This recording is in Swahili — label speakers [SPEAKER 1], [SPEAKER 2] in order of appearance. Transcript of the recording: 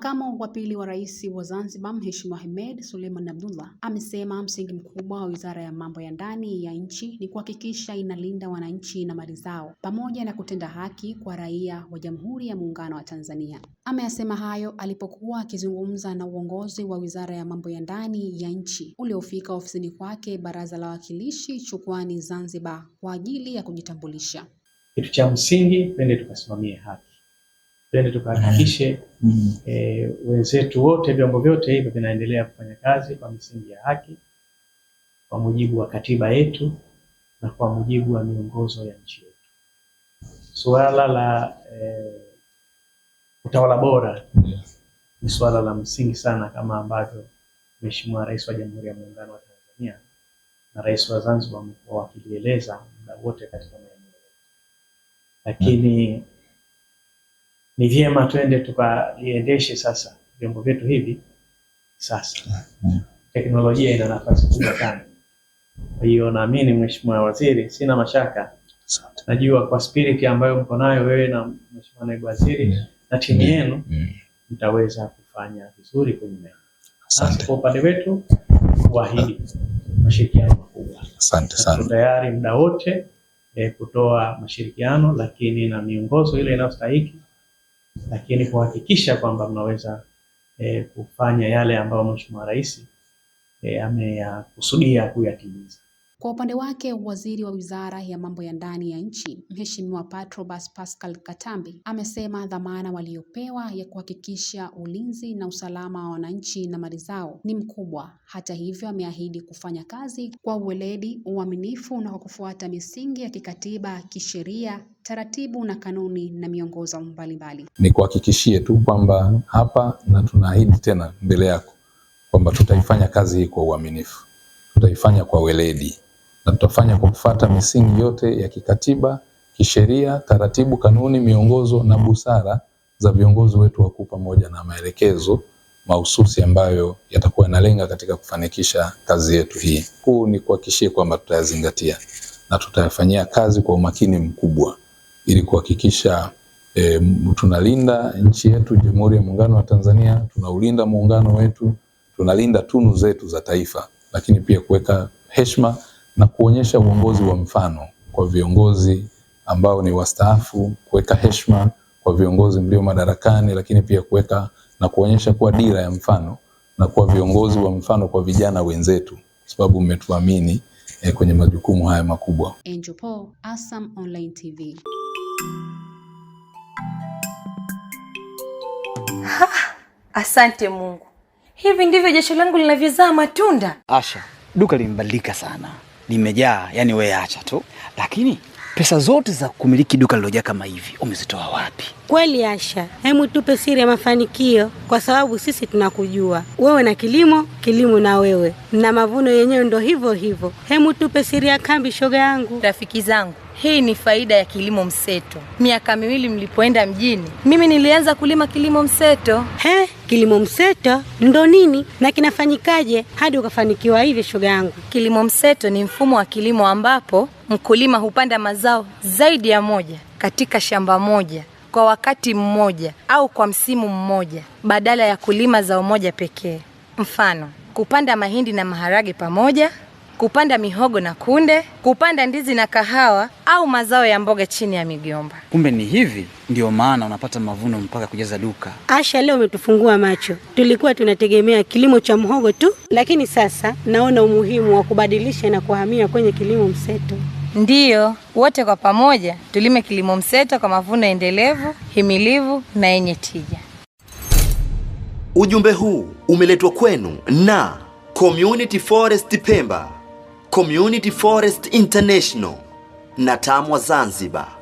[SPEAKER 1] Makamu wa pili wa Rais wa Zanzibar, Mheshimiwa Hemed Suleiman abdullah amesema msingi mkubwa wa Wizara ya Mambo ya Ndani ya nchi ni kuhakikisha inalinda wananchi na mali zao pamoja na kutenda haki kwa raia wa Jamhuri ya Muungano wa Tanzania. Ameyasema hayo alipokuwa akizungumza na uongozi wa Wizara ya Mambo ya Ndani ya nchi uliofika ofisini kwake Baraza la Wawakilishi Chukwani, Zanzibar kwa ajili ya kujitambulisha.
[SPEAKER 2] Kitu cha msingi twende tukasimamie haki tuende tukahakikishe mm. Mm-hmm. e, eh, wenzetu wote, vyombo vyote hivyo vinaendelea kufanya kazi kwa misingi ya haki, kwa mujibu wa katiba yetu na kwa mujibu wa miongozo ya nchi yetu. Suala la e, utawala bora yes. ni suala la msingi sana, kama ambavyo Mheshimiwa Rais wa Jamhuri ya Muungano wa Tanzania na Rais wa Zanzibar wamekuwa wakilieleza muda wote katika maeneo, lakini mm ni vyema twende tukaliendeshe sasa vyombo vyetu hivi sasa. Mm. Teknolojia ina nafasi kubwa sana. Kwa hiyo naamini, Mheshimiwa Waziri, sina mashaka, najua kwa spiriti ambayo mko nayo wewe na Mheshimiwa Naibu Waziri mm. na timu mm. yenu mtaweza kufanya vizuri kwenye mea. Sasa kwa upande wetu kuahidi mashirikiano makubwa, asante sana, tayari muda wote eh, kutoa mashirikiano lakini na miongozo ile inayostahili lakini kuhakikisha kwamba mnaweza e, kufanya yale ambayo Mheshimiwa Rais e, ameyakusudia kuyatimiza.
[SPEAKER 1] Kwa upande wake, waziri wa Wizara ya Mambo ya Ndani ya Nchi, Mheshimiwa Patrobas Pascal Katambi, amesema dhamana waliopewa ya kuhakikisha ulinzi na usalama wa wananchi na mali zao ni mkubwa. Hata hivyo, ameahidi kufanya kazi kwa uweledi, uaminifu na kwa kufuata misingi ya kikatiba, kisheria, taratibu na kanuni na miongozo mbalimbali.
[SPEAKER 3] Ni kuhakikishie tu kwamba hapa na tunaahidi tena mbele yako kwamba tutaifanya kazi hii kwa uaminifu, tutaifanya kwa weledi na tutafanya kwa kufuata misingi yote ya kikatiba, kisheria, taratibu, kanuni, miongozo na busara za viongozi wetu wakuu pamoja na maelekezo mahususi ambayo yatakuwa yanalenga katika kufanikisha kazi yetu hii. Huu ni kuhakikishia kwamba tutayazingatia na tutayafanyia kazi kwa umakini mkubwa ili kuhakikisha e, tunalinda nchi yetu Jamhuri ya Muungano wa Tanzania, tunaulinda muungano wetu, tunalinda tunu zetu za taifa, lakini pia kuweka heshima na kuonyesha uongozi wa mfano kwa viongozi ambao ni wastaafu, kuweka heshima kwa viongozi mlio madarakani, lakini pia kuweka na kuonyesha kuwa dira ya mfano na kuwa viongozi wa mfano kwa vijana wenzetu, kwa sababu mmetuamini eh, kwenye majukumu haya makubwa. Angel Paul, ASAM Online TV.
[SPEAKER 4] Ha, asante Mungu, hivi ndivyo jasho langu linavyozaa matunda.
[SPEAKER 5] Asha, duka limebadilika sana limejaa, yani wewe acha tu. Lakini pesa zote za kumiliki duka lilojaa kama hivi umezitoa wapi?
[SPEAKER 6] Kweli Asha, hebu tupe siri ya mafanikio, kwa sababu sisi tunakujua wewe na kilimo, kilimo na wewe na mavuno yenyewe ndo hivyo hivyo. Hebu tupe siri ya kambi, shoga yangu.
[SPEAKER 7] Rafiki zangu, hii ni faida ya kilimo mseto. Miaka miwili mlipoenda mjini, mimi nilianza kulima kilimo mseto.
[SPEAKER 8] He? kilimo mseto ndo nini na kinafanyikaje hadi ukafanikiwa hivi, shuga yangu?
[SPEAKER 7] Kilimo mseto ni mfumo wa kilimo ambapo mkulima hupanda mazao zaidi ya moja katika shamba moja kwa wakati mmoja au kwa msimu mmoja badala ya kulima zao moja pekee. Mfano, kupanda mahindi na maharage pamoja kupanda mihogo na kunde, kupanda ndizi na kahawa au mazao ya mboga chini ya migomba.
[SPEAKER 5] Kumbe ni hivi ndio maana unapata mavuno mpaka kujaza duka.
[SPEAKER 8] Asha, leo umetufungua macho. Tulikuwa tunategemea kilimo cha mhogo tu, lakini sasa naona umuhimu wa kubadilisha na kuhamia kwenye kilimo mseto.
[SPEAKER 9] Ndiyo, wote kwa pamoja tulime kilimo mseto kwa mavuno endelevu, himilivu na yenye tija.
[SPEAKER 10] Ujumbe huu umeletwa kwenu na Community Forest Pemba. Community Forest International na TAMWA Zanzibar.